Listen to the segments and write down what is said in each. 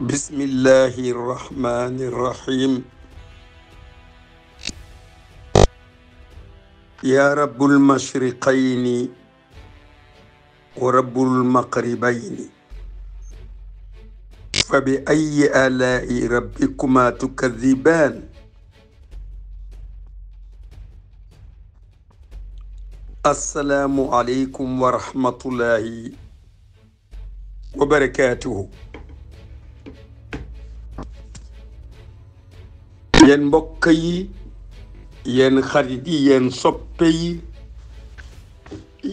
بسم الله الرحمن الرحيم يا رب المشرقين ورب المقربين فبأي آلاء ربكما تكذبان السلام عليكم ورحمة الله وبركاته yen mbokk yi yen xarit yi yen soppe yi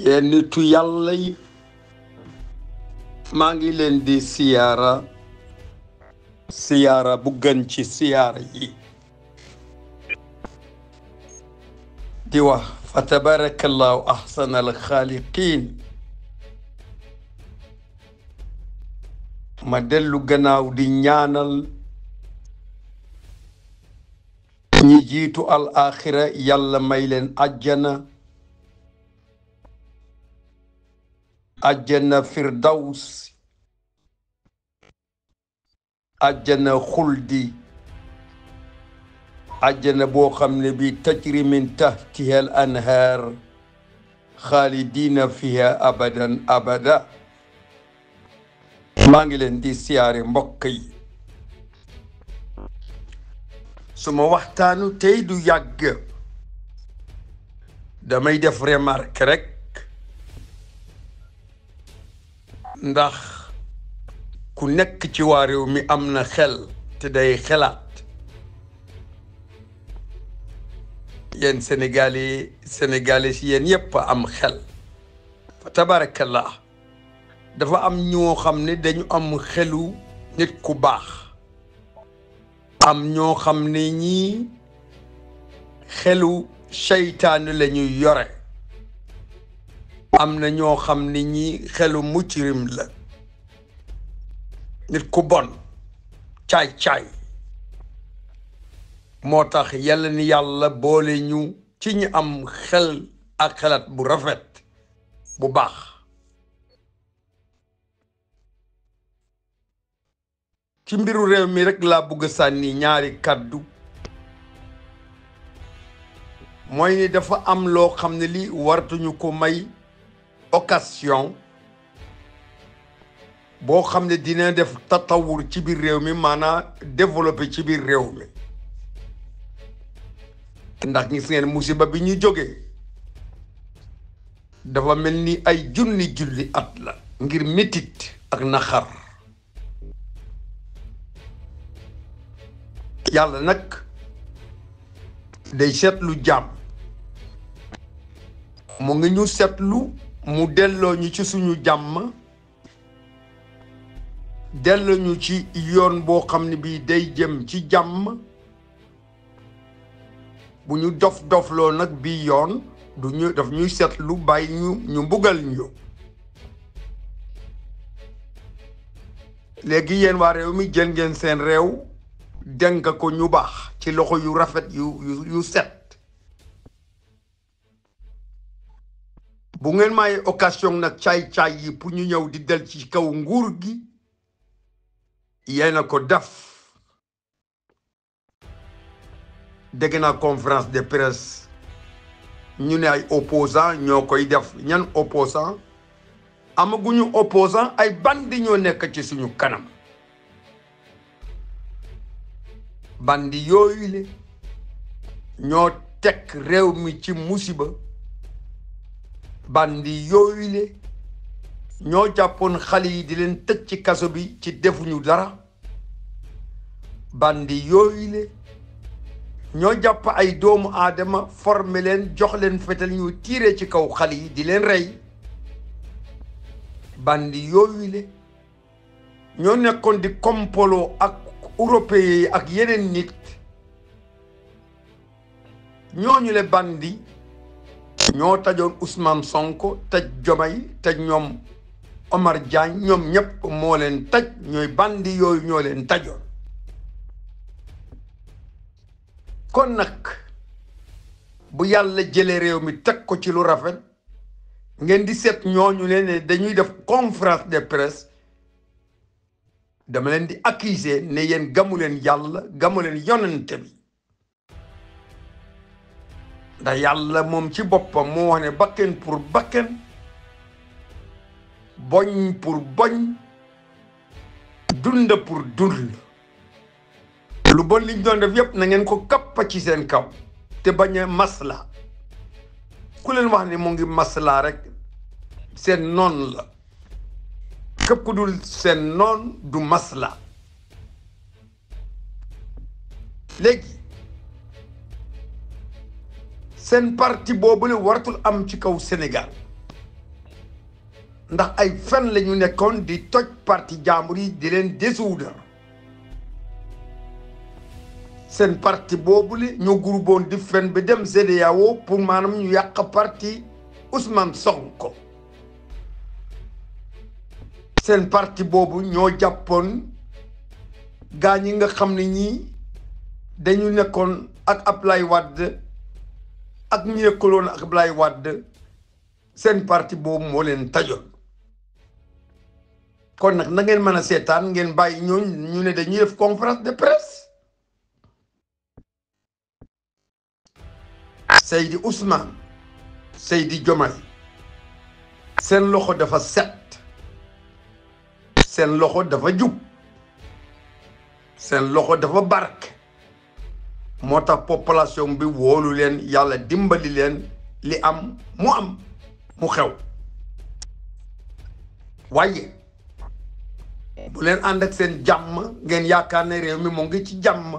yen nitu yàlla yi maa ngi leen di siyaara siyaara bu gën ci siyaara yi di wax fa tabarakallahu ahsana alxaaliqin ma dellu gannaaw di ñaanal ñi jiitu al axira yàlla may leen ajjana ajjana firdaws ajjana xuldi ajjana boo xam ne bi tajri min tahtiha al anhaar xaalidina fiha abadan abada maa ngi leen di siyaare mbokk yi سما وقتانو تيدو يجي دمي دفري ماركريك ندخ كونك تيواري مي أمن خل تداي خلات ين سنغالي سنغالي سين يبا أم خل فتبارك الله دفا أم نيو خمني دنيو أم خلو نيت كو am ñoo xam ne ñii xelu seytaane la ñuy yore am na ñoo xam ni ñii xelu muccirim la nit ku bon caay-caay moo tax yàlla ni yàlla boole ñu ci ñu am xel ak xelat bu rafet bu baax ci mbiru réew mi rek laa bëgg sànni ñaari kàddu mooy ni dafa am loo xam ne li waratuñu ko may occasion boo xam ne dina def tatawur ci biir réew mi maanaam développé ci biir réew mi ndax gis ngeen musiba bi ñu jógee dafa mel ni ay junni julli at la ngir métit ak naxar yàlla nag day seetlu jàmm mu ngi ñu seetlu mu delloo ñu ci suñu jàmm delloo ñu ci yoon boo xam ne bii day jëm ci jàmm bu ñu dof dofloo nag bii yoon du ñu daf ñuy seetlu bàyyi ñu ñu mbugal ñu léegi yéen waa réew mi jël ngeen seen réew dénk ko ñu baax ci loxo yu rafet yu set bu ngeen may occasion nag caay-caay yi pour ñu ñëw di del ci kaw nguur gi yéen na ko def dégg naa conférence de presse ñu ne ay opposant ñoo koy def ñan opposant amaguñu opposant ay bandi ñoo nekk ci suñu kanam bandi yooyu le ñoo teg réew mi ci musiba bandi yooyu le ñoo jàppoon xale yi di leen tëj ci kaso bi ci defuñu dara bandi yooyu le ñoo jàpp ay doomu aadama former leen jox leen fetal ñu tiire ci kaw xale yi di leen rey bandi yooyu le ñoo nekkoon di kompoloo ak européen yi ak yeneen nit ñooñu leen bandi ñoo tajoon Ousmane Sonko taj Jomay taj ñoom Omar Diagne ñoom ñëpp moo leen taj ñooy bandi yooyu ñoo leen tajoon kon nag bu yàlla jëlee réew mi teg ko ci lu rafet ngeen di seet ñooñu leen dañuy def conférence de presse dama leen di accuser ne yéen gamu leen yàlla gamu leen yonente bi ndax yàlla moom ci boppam moo wax ne bakken pour bakken boñ pour boñ dund pour dund lu bon liñ doon def yëpp na ngeen ko kappa ci seen kaw te bañ a ku leen wax ne mu ngi masla rek seen non la képp ku dul seen noon du masla léegi seen parti boobule waratul am ci kaw Sénégal ndax ay fen lañu nekkoon di toj parti jàmbur yi di leen dissoudre seen parti boobule ñu groupe woon di fen bi dem CEDEAO pour maanaam ñu yàq parti Ousmane ko seen parti boobu ñoo jàppoon gaa ñi nga xam ne ñii dañu nekkoon ak Ablaye Wade ak ñu nekkaloon ak Ablaye Wade seen parti boobu moo leen tajoon kon nag na ngeen mën a seetaan ngeen bàyyi ñooñu ñu ne dañuy def conférence de presse Seydi Ousmane Seydi Diomaye seen loxo dafa set seen loxo dafa jub seen loxo dafa bark moo tax population bi wóolu leen yàlla dimbali leen li am mu am mu xew waaye bu leen ànd ak seen jàmm ngeen yaakaar ne réew mi mu ngi ci jàmm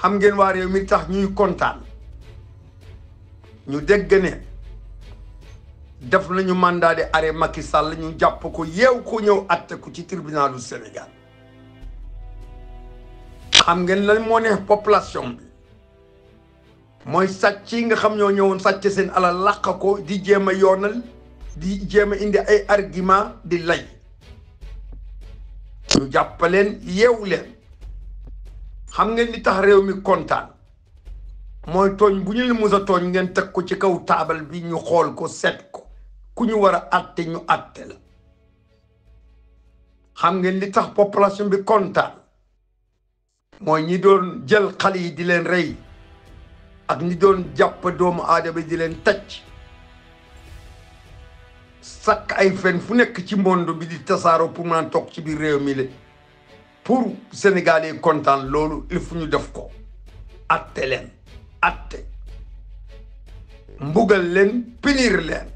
xam ngeen waa réew mi tax ñuy kontaan ñu dégg ne def nañu mandat de arrêt Macky Sall ñu jàpp ko yeew ko ñëw atte ko ci tribunalu Sénégal xam ngeen lan moo neex population bi mooy sàcc yi nga xam ñoo ñëwoon sàcc seen alal làq ko di jéem a yoonal di jéem a indi ay argument di lay ñu jàppaleen yeew leen xam ngeen li tax réew mi kontaan mooy tooñ bu ñu la mus tooñ ngeen teg ko ci kaw taabal bi ñu xool ko seet ko ku ñu war a atte ñu atte la xam ngeen li tax population bi kontaan mooy ñi doon jël xale yi di leen rey ak ñi doon jàpp doomu aadama di leen tacc sakk ay fen fu nekk ci monde bi di tasaaroo pour naan toog ci biir réew mi la pour Sénégal yi kontaan il faut ñu def ko atte leen atte mbugal leen punir leen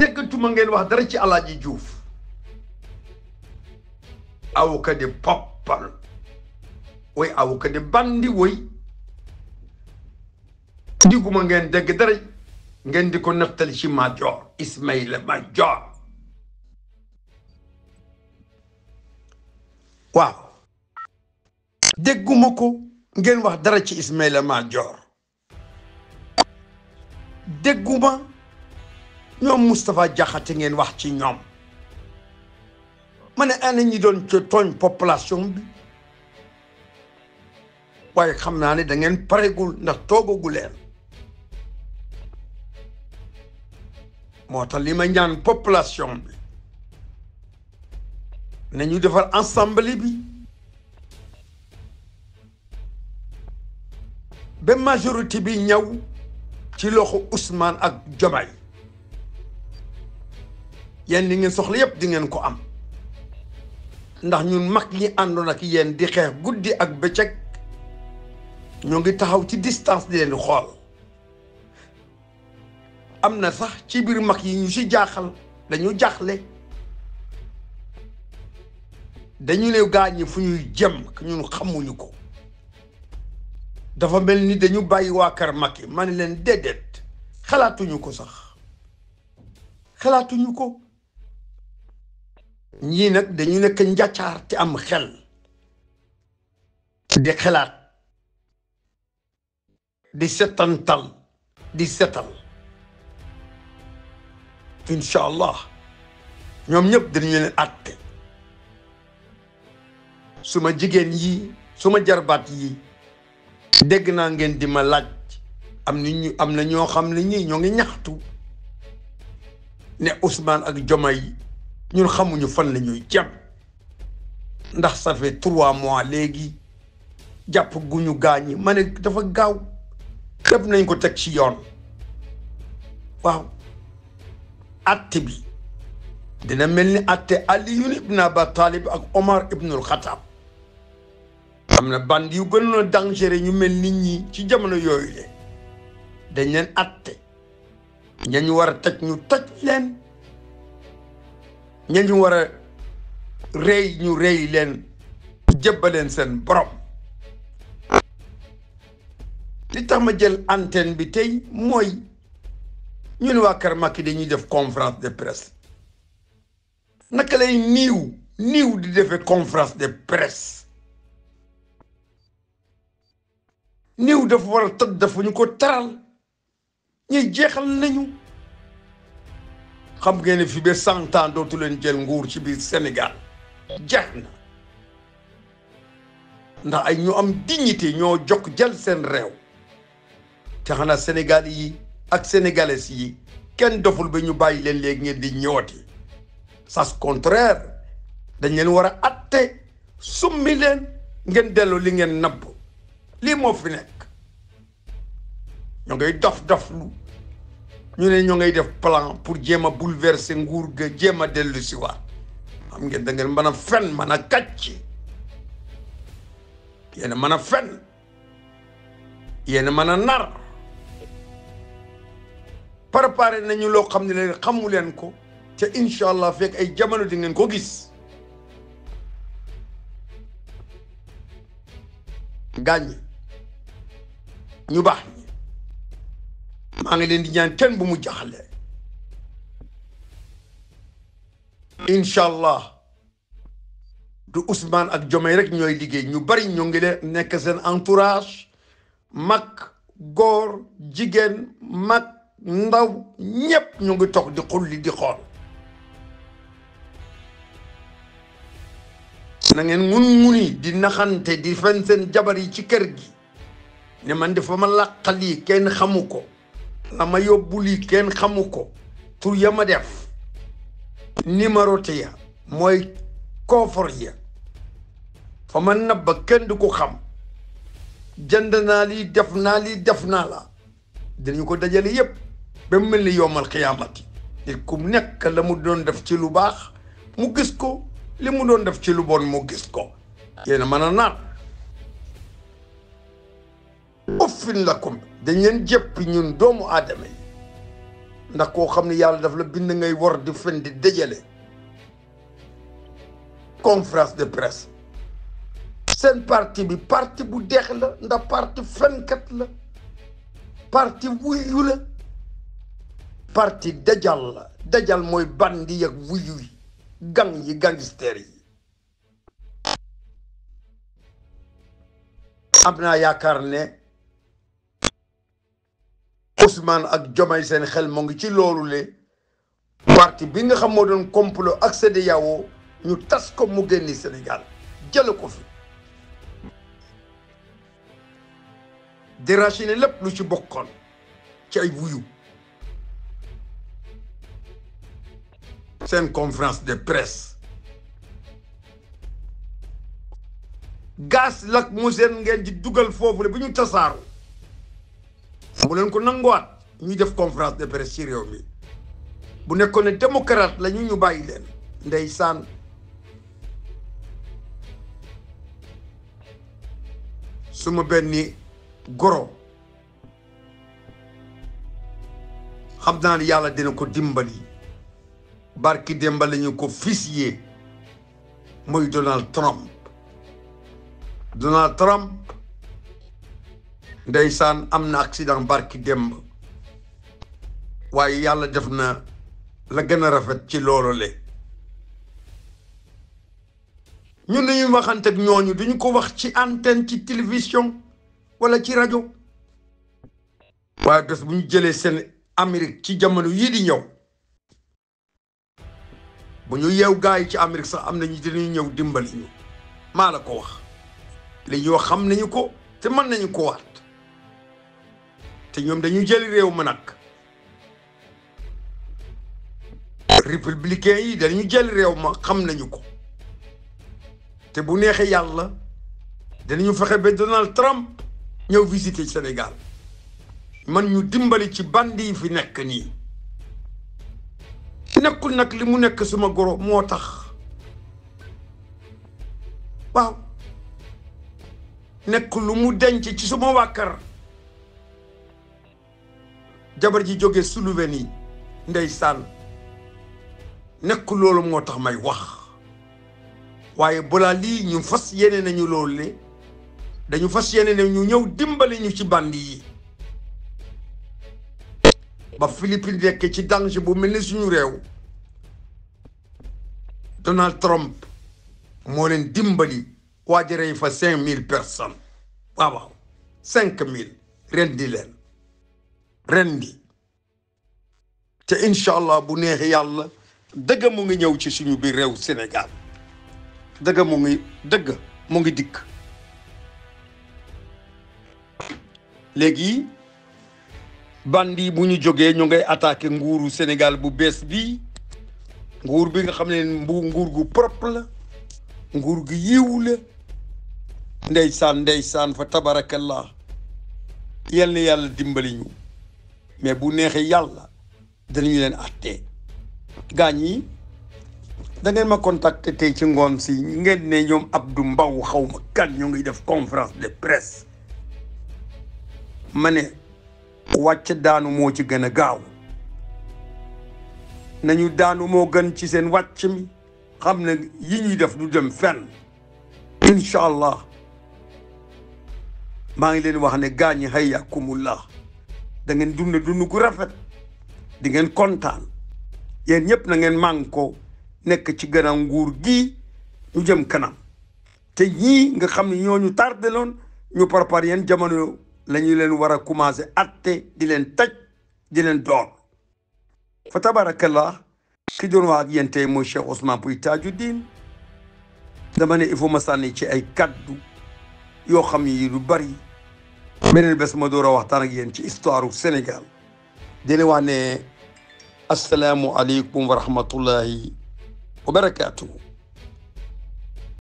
déggatuma ngeen wax dara ci Alaaji Juuf awka di poppal woy awka di bandi woy diguma ngeen dégg dara ngeen di ko naftali ci Majoor Ismaïla Majoor waaw dégguma ko ngeen wax dara ci Ismaïla Madior dégguma ñoom Moustapha Diakhaté ngeen wax ci ñoom ma ne ana ñi doon ci tooñ population bi waaye xam naa ne dangeen ngeen paregul ndax toogagu leen moo tax li ma ñaan population bi nañu defar ensemble bi ba majorité bi ñaw ci loxo usmaan ak Diomaye Yen ni ngeen soxla yep di ngeen ko am ndax ñun mag ñi àndoon ak yen di xex guddi ak bëccëg ñu ngi taxaw ci distance di leen xol am nasa sax ci bir mag yi ñu ci jaaxal dañu jaaxle dañu leew gañu fu ñuy jëm ñun xamuñu ko dafa melni ni dañu bayyi wa kar mag yi leen xalaatuñu ko sax xalaatuñu ko ñi nak dañuy nek njàccaar ci am xel di xelat di setantal di setal inshallah allah ñep ñëpp leen atté suma jigen yi suma jarbat yi dégg na ngeen di ma laaj am ni ñu am na ño xam ne ñi ñoo ngi ñaxtu ne Ousmane ak jomay ñun xamuñu fan la ñuy jàpp ndax ça fait trois mois léegi jàpp guñu gaañi ma dafa gaaw lépp nañ ko teg ci yoon waaw atte bi dina mel ni atte Aliyun ibn Aba Talib ak Omar ibnul Xataab am na band yu gënoon a dangereux ñu mel ni ñi ci jamono yooyu le dañ leen atte ñañu war a teg ñu toj leen ña ñu war a rey ñu rey leen jëbbaleen seen borom li tax ma jël antenne bi tey mooy ñun waa Kër Macky dañuy def conférence de presse naka lay niiw niiw di defee conférence de presse niiw def war a tëdd dafa ñu ko taral ñuy jeexal nañu xam ngeen ne fi ba cent ans dootu leen jël nguur ci biir Sénégal jeex na ndax ay ñu am dignité ñoo jokk jël seen réew te xanaa Sénégal yi ak sénégalais yi kenn doful ba ñu bàyyi leen léegi ngeen di ñëwati sas contraire dañ leen war a atte summi leen ngeen delloo li ngeen nabb lii moo fi nekk ñu ngay dof doflu ñu ne ñu ngay def plan pour jema a bouleverser nguur ga jema a ci wa am ngeen da ngeen mëna a mëna katch a mëna fenn yene a nar préparé nañu lo xamni ne leen xamu leen ko te inshallah allah ay jamono di ngeen ko gis gaañ ñu bax ñi maa ngi leen di ñaan kenn bu mu jaaxle incha allah du Ousmane ak Diomaye rek ñooy liggéey ñu bari ñoo ngi leen nekk seen entourage mag góor jigéen mag ndaw ñépp ñu ngi toog di xulli di xool na ngeen mun muni di naxante di fen seen jabar yi ci kër gi ne man dafa ma làqal yi kenn xamu ko la ma yóbbu kenn xamu ko tur ya ma def numéroté ya mooy koofar ya fa ma nabba kenn du ko xam jënd naa lii def naa ko dajale yépp ba mel ni yowmal xiyaamati nit ku nekk la mu doon def ci lu baax mu gis ko li mu doon def ci lu bon mu gis ko yéena mën a naan uffin lakum dañ leen jëpp ñun doomu aadama yi ndax koo xam ne yàlla daf la bind ngay war di fen di dajale conférence de presse seen parti bi parti bu deex la ndax parti fenkat la parti wuyu la parti dajal la dajal mooy bandi yi ak wuyu yi gang yi gangster yi am naa yaakaar ne Ousmane ak Diomaye sen xel mo ngi ci loolu le parti bi nga xam mo done complot ak yawo ñu tas ko mu génni Sénégal jël ko fi déraciné lepp lu ci bokkoon ci ay wuyu conférence de presse gaz lacrymogène ngeen di duggal fofu le bu ñu tasaaru bu leen ko nanguwaat ñuy def confrance de presse ci réew mi bu nekkoon ne démocrate la ñu ñu bàyyi leen ndeysaan suma benn goro xam naa ne yàlla dina ko dimbali barki démba la ñu ko fusillé mooy Donald Trump Donald Trump ndeysaan am na accident barki démb waaye yàlla def na la gën a rafet ci loolu le ñun dañuy waxante ak ñooñu duñu ko wax ci antenne ci télévision wala ci rajo waaye des bu ñu jëlee seen Amérique ci jamono yii di ñëw bu ñu yeew gars yi ci Amérique sax am nañu dinañu ñëw dimbali ñu maa la ko wax li ñoo xam nañu ko te mën nañu ko waat te ñoom dañuy jëli réew ma nag républicain yi dañuy jëli réew ma xam nañu ko te bu neexee yàlla danañu fexe ba Donald Trump ñëw visiter Sénégal man ñu dimbali ci bandi yi fi nekk nii nekkul nag li mu nekk suma goro moo tax waaw nekk lu mu denc ci suma wàkkar jabar ji jóge Slovénie ndeysaan nekk loolu moo tax may wax waaye balaa lii ñu fas yéene nañu loolu le dañu fas yeneen ñu ñëw dimbali ñu ci bandi yi ba Philippines nekk ci danger bu mel ñu suñu réew Donald Trump moo leen dimbali waajarey fa cinq mille personnes waaw waaw cinq mille ren di leen ren bi te incha allah bu neexee yàlla dëgg mu ngi ñëw ci suñu biir réew Sénégal dëgg mu ngi dëgg mu ngi dikk léegi bandi bu ñu jógee ñu ngay attaqué nguuru Sénégal bu bees bi nguur bi nga xam ne bu nguur gu propre la nguur gu yiw la ndeysaan ndeysaan fa tabarakallah yal na yàlla dimbali ñu mais bu neexee yàlla danañu leen àttee gaañ yi dangeen ngeen ma contacter tey ci ngoon si ngeen ne ñoom Abdou Mbow xaw ma kan ñu ngi def conférence de presse ma ne wàcc daanu moo ci gën a gaaw nañu daanu moo gën ci seen wàcc mi xam ne yi ñuy def du dem fenn incha allah maa ngi leen wax ne gaañi hayyakumullah da ngeen dund dund gu rafet di ngeen kontaan yéen ñëpp na ngeen manko nekk ci gëna nguur gi ñu jëm kanam te ñii nga xam ne ñu tardé loon ñu parpar yeen jamono la ñu leen war a commencé atte di leen taj di leen door fa tabarakallah ki doon wax ak yéen tey mooy Cheikh Ousmane dama ne il ma sànni ci ay kaddu yoo xam yi lu bari beneen bés ma door a waxtaan ak yéen ci histoire u Sénégal dina wax ne asalaamualeykum wa rahmatullahi wa barakaatuhu